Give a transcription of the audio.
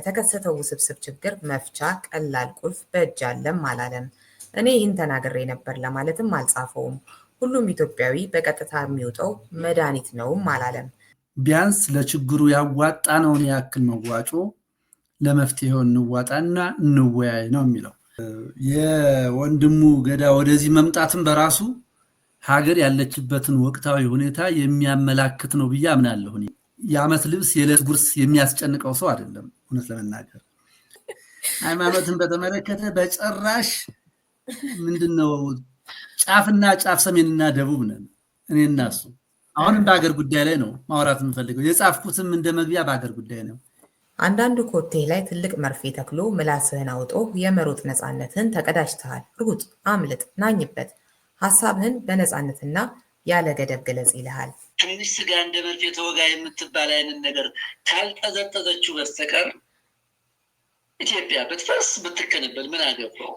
ለተከሰተው ውስብስብ ችግር መፍቻ ቀላል ቁልፍ በእጅ አለም አላለም። እኔ ይህን ተናግሬ ነበር ለማለትም አልጻፈውም። ሁሉም ኢትዮጵያዊ በቀጥታ የሚውጠው መድኃኒት ነውም አላለም። ቢያንስ ለችግሩ ያዋጣነውን ያክል መዋጮ ለመፍትሄው እንዋጣና እንወያይ ነው የሚለው። የወንድሙ ገዳ ወደዚህ መምጣትን በራሱ ሀገር ያለችበትን ወቅታዊ ሁኔታ የሚያመላክት ነው ብዬ አምናለሁ። የአመት ልብስ የዕለት ጉርስ የሚያስጨንቀው ሰው አይደለም። እውነት ለመናገር ሃይማኖትን በተመለከተ በጭራሽ ምንድን ነው ጫፍና ጫፍ ሰሜንና ደቡብ ነን እኔ እና እሱ። አሁንም በሀገር ጉዳይ ላይ ነው ማውራት የምፈልገው። የጻፍኩትም እንደ መግቢያ በሀገር ጉዳይ ነው። አንዳንዱ ኮቴ ላይ ትልቅ መርፌ ተክሎ ምላስህን አውጦ የመሮጥ ነፃነትህን ተቀዳጅተሃል። ሩጥ፣ አምልጥ፣ ናኝበት፣ ሀሳብህን በነፃነትና ያለ ገደብ ግለጽ ይልሃል። ትንሽ ስጋ እንደ መርፌ ተወጋ የምትባል አይነት ነገር ካልጠዘጠዘችው በስተቀር ኢትዮጵያ ብትፈርስ ብትከንበል ምን አገባው?